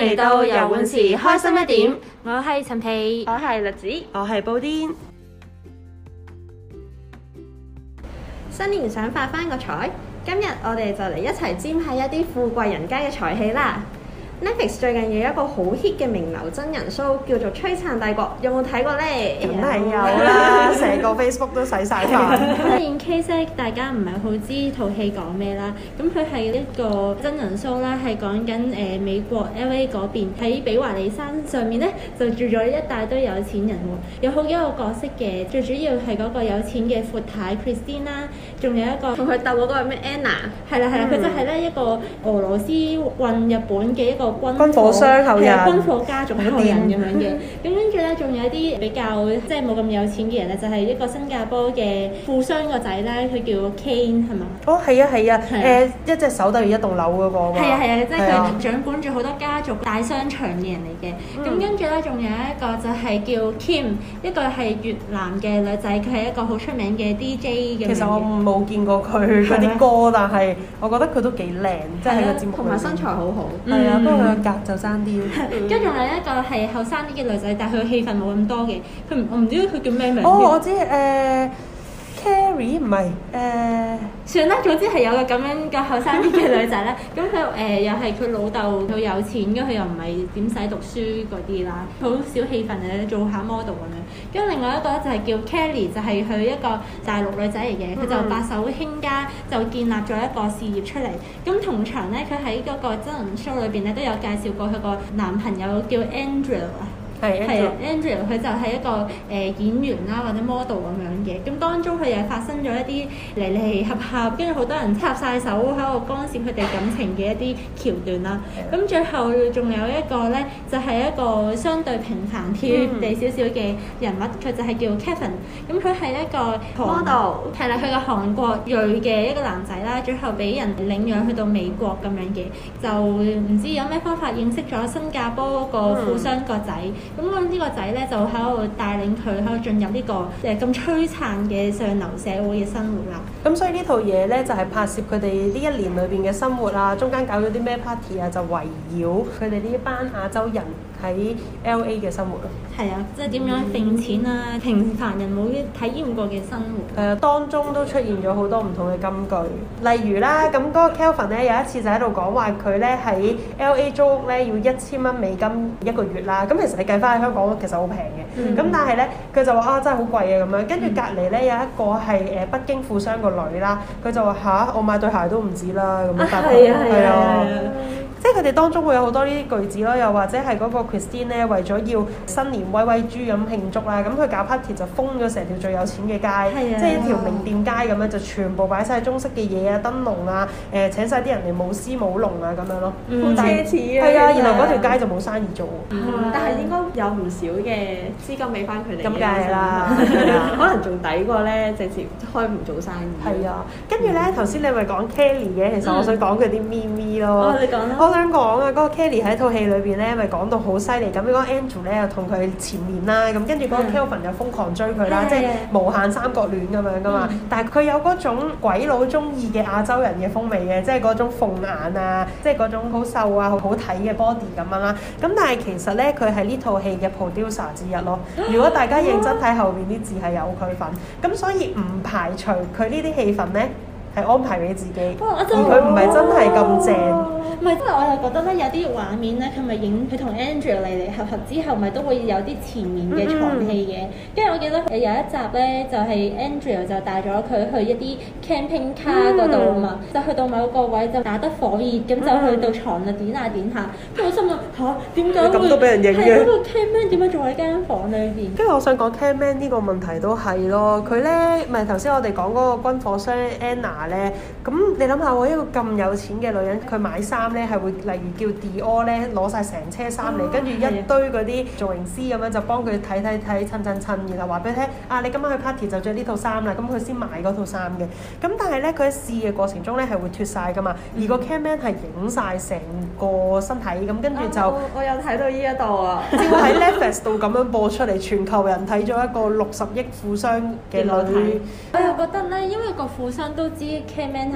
嚟到游泳池，開心一點。我係陳皮，我係栗子，我係布丁。新年想發翻個財，今日我哋就嚟一齊沾下一啲富貴人家嘅財氣啦！Netflix 最近有一個好 hit 嘅名流真人 show 叫做《璀璨帝國》，有冇睇過呢？梗係有啦，成 個 Facebook 都洗晒版。當然 ，case 大家唔係好知套戲講咩啦。咁佢係一個真人 show 啦，係講緊誒美國 LA 嗰邊喺比華利山上面呢就住咗一大堆有錢人喎，有好幾個角色嘅，最主要係嗰個有錢嘅闊太 Christine 啦，仲有一個同佢鬥嗰個咩 Anna，係啦係啦，佢、嗯、就係呢一個俄羅斯混日本嘅一個。軍火商後人，有軍火家族後人咁樣嘅。咁跟住咧，仲有一啲比較即係冇咁有錢嘅人咧，就係一個新加坡嘅富商個仔咧，佢叫 Kane 係嘛？哦，係啊，係啊，誒一隻手得住一棟樓嗰個。係啊係啊，即係佢掌管住好多家族大商場嘅人嚟嘅。咁跟住咧，仲有一個就係叫 Kim，一個係越南嘅女仔，佢係一個好出名嘅 DJ 嘅。其實我冇見過佢嗰啲歌，但係我覺得佢都幾靚，即係個節目同埋身材好好。嗯。佢格就爭啲，跟住仲有一個係後生啲嘅女仔，但係佢戲份冇咁多嘅。佢唔我唔知佢叫咩名。哦，我知誒。呃 Carrie 唔係，誒，uh、算啦，總之係有個咁樣嘅後生啲嘅女仔咧，咁佢誒又係佢老豆佢有錢，咁佢又唔係點使讀書嗰啲啦，好少氣氛，嘅，做下 model 咁樣。咁另外一個咧就係叫 Kelly，就係佢一個大陸女仔嚟嘅，佢就白手興家，就建立咗一個事業出嚟。咁同場咧，佢喺嗰個真人 show 裏邊咧都有介紹過佢個男朋友叫 Andrew。係 Angel 佢就係一個誒、呃、演員啦，或者 model 咁樣嘅。咁當中佢又發生咗一啲離離合合，跟住好多人插晒手喺度干涉佢哋感情嘅一啲橋段啦。咁最後仲有一個咧，就係、是、一個相對平凡貼地少少嘅人物，佢、mm hmm. 就係叫 Kevin。咁佢係一個 model，係啦，佢個韓國裔嘅一個男仔啦。最後俾人領養去到美國咁樣嘅，就唔知有咩方法認識咗新加坡個富商個仔。Mm hmm. 咁我呢個仔呢，就喺度帶領佢喺度進入呢個誒咁璀璨嘅上流社會嘅生活啦。咁所以呢套嘢呢，就係拍攝佢哋呢一年裏邊嘅生活啊，中間搞咗啲咩 party 啊，就圍繞佢哋呢一班亞洲人，喺 L A 嘅生活咯，係啊，即係點樣定錢啊，嗯、平凡人冇體驗過嘅生活。誒、呃，當中都出現咗好多唔同嘅金句，例如啦，咁、那、嗰個 Kelvin 咧有一次就喺度講話佢咧喺 L A 租屋咧要一千蚊美金一個月啦。咁、啊、其實你計翻喺香港其實好平嘅，咁、嗯、但係咧佢就話：「啊，真係好貴啊！」咁樣。跟住隔離咧有一個係誒北京富商個女啦，佢就話吓、啊，我買對鞋都唔止啦咁樣。啊，啊，係啊。即係佢哋當中會有好多呢啲句子咯，又或者係嗰個 Christine 咧，為咗要新年威威豬咁慶祝啦，咁佢搞 party 就封咗成條最有錢嘅街，即係一條名店街咁樣，就全部擺晒中式嘅嘢啊、燈籠啊，誒請晒啲人嚟舞獅舞龍啊咁樣咯，好奢侈啊！係啊，然後嗰條街就冇生意做，但係應該有唔少嘅資金俾翻佢哋。咁梗係啦，可能仲抵過咧，直接開門做生意。係啊，跟住咧頭先你咪講 Kelly 嘅，其實我想講佢啲咪咪咯。你講我想講啊，嗰、那個 Kelly 喺套戲裏邊咧，咪講到好犀利咁。嗰個 Andrew 咧又同佢前面啦，咁跟住嗰個 Kelvin 又瘋狂追佢啦，的即係無限三角戀咁樣噶嘛。的但係佢有嗰種鬼佬中意嘅亞洲人嘅風味嘅，即係嗰種鳳眼啊，即係嗰種好瘦啊、好睇嘅 body 咁樣啦。咁但係其實咧，佢係呢套戲嘅 producer 之一咯。如果大家認真睇後面啲字，係有佢份，咁的所以唔排除佢呢啲戲份咧？係安排俾自己，哦啊、不我而佢唔係真係咁正。唔係、哦，不是因為我又覺得咧，有啲畫面咧，佢咪影佢同 Andrew 嚟嚟合合之後，咪都會有啲纏綿嘅床戲嘅。跟住、嗯嗯、我記得有一集咧，就係 Andrew 就帶咗佢去一啲 camping car 度啊嘛。嗯、就去到某一個位就打得火熱，咁、嗯、就去到床啦，點下點下。跟住、嗯、 我心諗吓？點、啊、解會喺嗰個 cameraman 點解仲喺間房裏邊？跟住我想講 cameraman 呢個問題都係咯，佢咧咪頭先我哋講嗰個軍火商 Anna。咧咁你諗下喎，一個咁有錢嘅女人，佢買衫咧係會例如叫 Dior 咧攞曬成車衫嚟，跟住一堆嗰啲造型師咁樣就幫佢睇睇睇襯襯襯，然後話俾佢聽啊，你今晚去 party 就著呢套衫啦，咁佢先買嗰套衫嘅。咁但係咧，佢喺試嘅過程中咧係會脱曬噶嘛，而個 cameraman 係影曬成個身體咁，跟住就我有睇到呢一度啊，正喺 Netflix 度咁樣播出嚟，全球人睇咗一個六十億富商嘅女。我又覺得咧，因為個富商都知。啲 camer 喺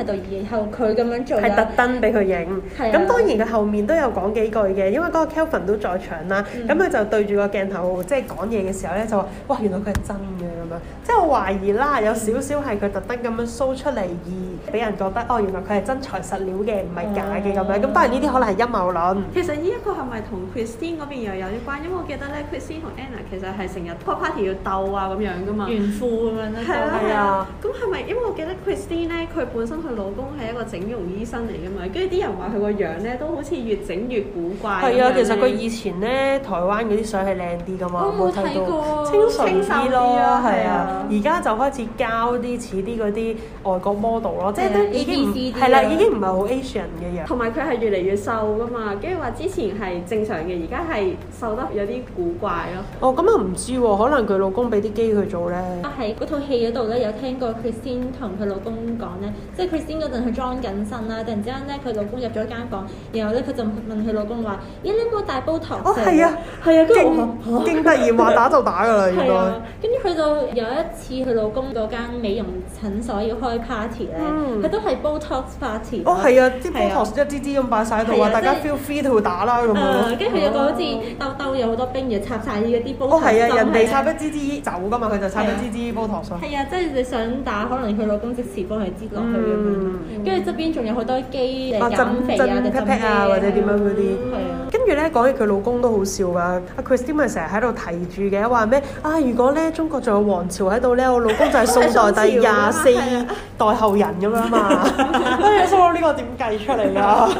度，然後佢咁樣做，係特登俾佢影。咁、嗯、當然佢後面都有講幾句嘅，因為嗰個 Kelvin 都在場啦。咁佢、嗯、就對住個鏡頭，即係講嘢嘅時候咧，就話，哇，原來佢係真嘅咁樣，即係我懷疑啦，有少少係佢特登咁樣 show 出嚟，而俾人覺得哦，原來佢係真材實料嘅，唔係假嘅咁、啊、樣，咁當然呢啲可能係陰謀論，嗯、其實呢一個係咪同 Christine 嗰邊又有啲關？因為我記得咧 Christine 同 Anna 其實係成日 party 要鬥啊咁樣噶嘛，炫富咁樣咧。係 啊。咁係咪因為我記得 Christine 咧？佢本身佢老公係一個整容醫生嚟嘅嘛，跟住啲人話佢個樣咧都好似越整越古怪。係啊，其實佢以前咧台灣嗰啲相係靚啲噶嘛，我冇睇過，清純啲咯，係啊。而家、啊、就開始交啲似啲嗰啲外國 model 咯，即係都已經唔係啦，已經唔係好 Asian 嘅樣。同埋佢係越嚟越瘦噶嘛，跟住話之前係正常嘅，而家係瘦得有啲古怪咯、啊。哦，咁啊唔知喎，可能佢老公俾啲機佢做咧。啊，喺套戲嗰度咧有聽過佢先同佢老公講。咧，即係 Christine 嗰陣佢裝緊身啦，突然之間咧佢老公入咗間房，然後咧佢就問佢老公話：「咦，你冇大煲頭？」哦，係啊，係啊，跟住好，經突然話打就打噶啦，係 在啊，跟住去到有一次佢老公嗰間美容。診所要開 party 咧，佢都係玻尿酸 party。哦，係啊，啲玻尿酸一支支咁擺晒喺度，啊。大家 feel free 去打啦咁樣。跟住佢有個好似兜兜，有好多冰嘢，插曬嗰啲玻尿酸。哦，係啊，人哋插一支支走噶嘛，佢就插一支支玻尿酸。係啊，即係你想打，可能佢老公即時幫你擠落去嗰邊。跟住側邊仲有好多機，啊，減肥啊、pat pat 啊或者點樣嗰啲。係啊。跟住咧，講起佢老公都好笑㗎，阿 Christine 咪成日喺度提住嘅，話咩啊？如果咧中國仲有王朝喺度咧，我老公就係宋代第廿四。 雙 代後人咁樣嘛？sorry，呢個點計出嚟㗎？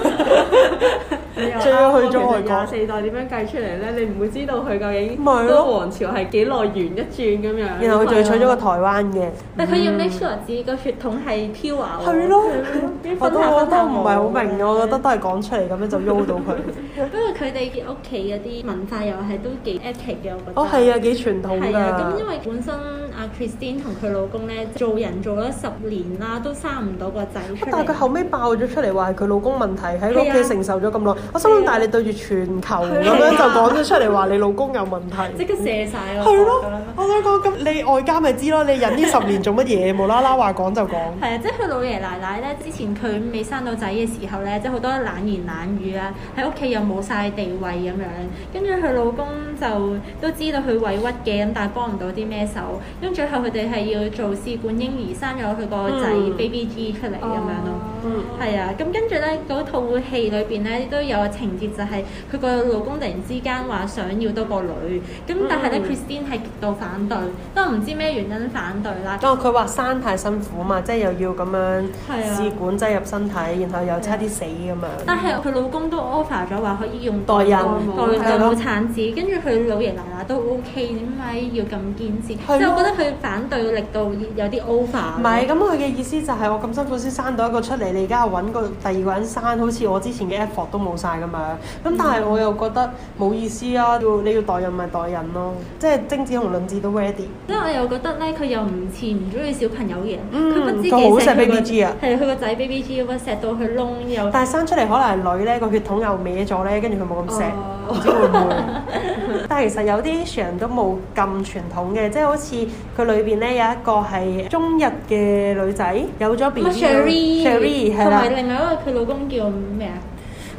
再去咗外國四代點樣計出嚟咧？你唔會知道佢究竟嗰個皇朝係幾耐完一轉咁樣。然後佢仲要娶咗個台灣嘅。但佢要 make sure 自己個血統係 pure。係咯，我都我都唔係好明嘅，我覺得都係講出嚟咁樣就喐到佢。不過佢哋屋企嘅啲文化又係都幾 ethnic 嘅，我覺得。哦，係啊，幾傳統㗎。係啊，咁因為本身阿 Christine 同佢老公咧，做人做咗十年。啦都生唔到個仔出，但係佢後尾爆咗出嚟話係佢老公，問題喺屋企承受咗咁耐，啊、我心諗，但係你對住全球咁樣、啊、就講咗出嚟話你老公有問題，即刻射晒咯。係咯、啊，我想講咁你外家咪知咯，你忍呢十年做乜嘢？ 無啦啦話講就講。係啊，即係佢老爺奶奶咧，之前佢未生到仔嘅時候咧，即係好多冷言冷語啊，喺屋企又冇晒地位咁樣，跟住佢老公就都知道佢委屈嘅，咁但係幫唔到啲咩手，因為最後佢哋係要做試管嬰兒生，生咗佢個。係，baby G 出嚟咁樣咯。嗯，係啊，咁跟住咧，套戲裏邊咧都有個情節就係佢個老公突然之間話想要多個女，咁、嗯、但係咧 Christine 係極度反對，都唔知咩原因反對啦。因為佢話生太辛苦啊嘛，即係又要咁樣試管擠入身體，啊、然後又差啲死咁樣，但係佢老公都 offer 咗話可以用代孕，代孕冇產子，啊、跟住佢老爺奶奶都 OK，點解要咁堅持？啊、即係我覺得佢反對力度有啲 over 唔係，咁佢嘅意思就係我咁辛苦先生到一個出嚟。你而家又揾個第二個人生，好似我之前嘅 effort 都冇晒咁樣。咁但係我又覺得冇意思啊！要你要代孕咪代孕咯，即係精子同卵子都 ready。即係、嗯、我又覺得咧，佢又唔似唔中意小朋友嘅，佢不知幾錫 BBG 啊！係佢個仔 BBG，不知錫到佢窿又。但係生出嚟可能係女咧，個血統又歪咗咧，跟住佢冇咁錫，唔、哦、知會唔會？ 但係其實有啲人都冇咁傳統嘅，即係好似佢裏邊咧有一個係中日嘅女仔，有咗 BB。同埋另外一個，佢老公叫咩啊？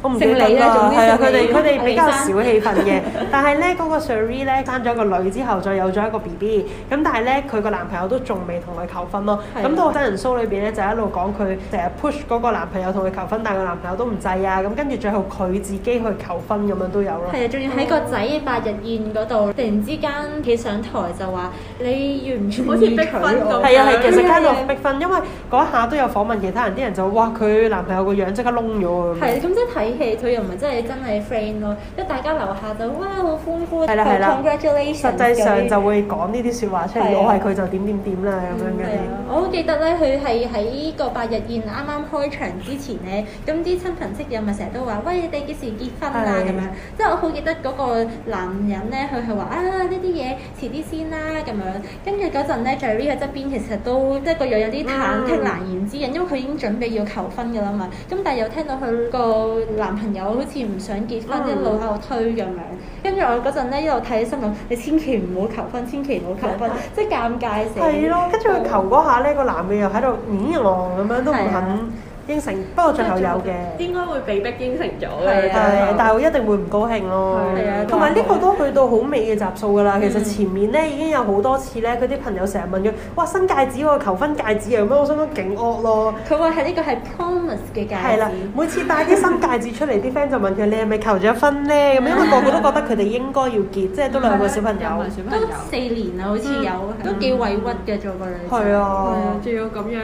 我唔記得啦，係啊，佢哋佢哋比較少氣氛嘅， 但係咧嗰個 Siri 咧生咗個女之後，再有咗一個 BB，咁但係咧佢個男朋友都仲未同佢求婚咯，咁到真人 show 裏邊咧就一路講佢成日 push 嗰個男朋友同佢求婚，但係個男朋友都唔制啊，咁跟住最後佢自己去求婚咁樣都有咯。係啊，仲要喺個仔百日宴嗰度，突然之間企上台就話你完全好似逼婚咁，係啊，的的其實加度逼婚，因為嗰一下都有訪問其他人，啲人就哇佢男朋友個樣即刻窿咗啊！係，咁即係睇戲佢又唔係真係真係 friend 咯，即大家留下就哇好歡呼，係啦係啦，Congratulations，實際上就會講呢啲説話出嚟。是啊、我係佢就點點點啦咁樣嘅。是啊、我好記得咧，佢係喺個八日宴啱啱開場之前咧，咁啲親朋戚友咪成日都話：喂，你哋幾時結婚是啊？咁樣。即係我好記得嗰個男人咧，佢係話啊，呢啲嘢遲啲先啦咁樣。跟住嗰陣咧，Jared 側邊其實都即係個又有啲忐忑難言之隱，嗯嗯，因為佢已經準備要求婚噶啦嘛。咁但係又聽到佢個男朋友好似唔想結婚，嗯，一路喺度推咁樣，跟住我嗰陣咧，一路睇新聞，你千祈唔好求婚，千祈唔好求婚，嗯、即係尷尬死。係咯，跟住佢求嗰下咧，個、嗯、男嘅又喺度咦我咁樣都唔肯。應承不過最後有嘅，應該會被逼應承咗嘅。係啊，但係我一定會唔高興咯。係啊，同埋呢個都去到好尾嘅集數㗎啦。其實前面咧已經有好多次咧，佢啲朋友成日問佢：哇，新戒指喎，求婚戒指㗎咩？我心都勁惡咯。佢話係呢個係 promise 嘅戒指。係啦，每次戴啲新戒指出嚟，啲 friend 就問佢：你係咪求咗婚咧？咁因為個個都覺得佢哋應該要結，即係都兩個小朋友，都四年啦，好似有都幾委屈嘅做個女。係啊，仲要咁樣，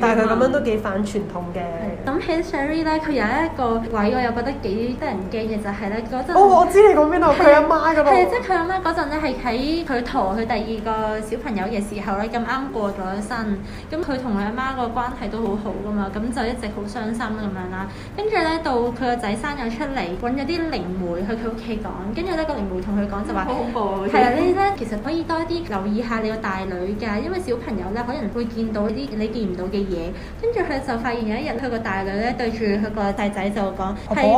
但係佢咁樣都幾反傳統嘅。咁喺 Sherry 咧，佢有一個位我又覺得幾得人驚嘅就係咧嗰陣，我知你講邊度，佢阿是媽嗰度。係即係佢阿媽嗰陣咧，係喺佢陀佢第二個小朋友嘅時候咧，咁啱過咗身。咁佢同佢阿媽個關係都好好噶嘛，咁就一直好傷心咁樣啦。跟住咧到佢個仔生咗出嚟，揾咗啲靈媒去佢屋企講，跟住咧個靈媒同佢講就話，好恐怖嘅。係你呢咧其實可以多啲留意下你個大女㗎，因為小朋友咧可能會見到啲你見唔到嘅嘢。跟住佢就發現有一日。佢個大女咧對住佢個細仔就講：係婆婆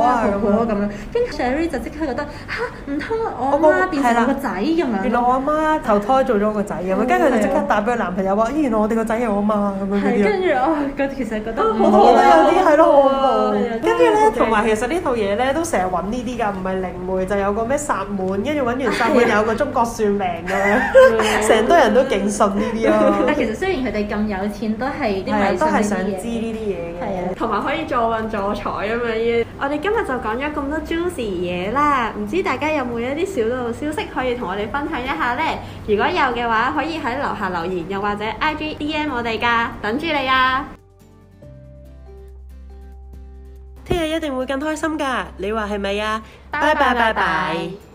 啊，婆婆咁樣。跟住 Siri 就即刻覺得吓，唔通我媽變成個仔咁樣。原來我阿媽投胎做咗個仔咁樣，跟住佢就即刻打俾佢男朋友話：咦原來我哋個仔係我媽咁樣，跟住啊，覺得其實覺得好有啲係咯，好恐怖。跟住咧，同埋其實呢套嘢咧都成日揾呢啲㗎，唔係靈媒就有個咩薩滿，跟住揾完薩滿有個中國算命嘅，成堆人都勁信呢啲咯。但其實雖然佢哋咁有錢，都係都係想知呢啲。係啊，同埋可以助運助財啊嘛依，我哋今日就講咗咁多 juicy 嘢啦，唔知大家有冇一啲小道消息可以同我哋分享一下呢？如果有嘅話，可以喺樓下留言，又或者 IG DM 我哋㗎，等住你啊！聽日一定會更開心㗎，你話係咪啊？拜拜拜拜。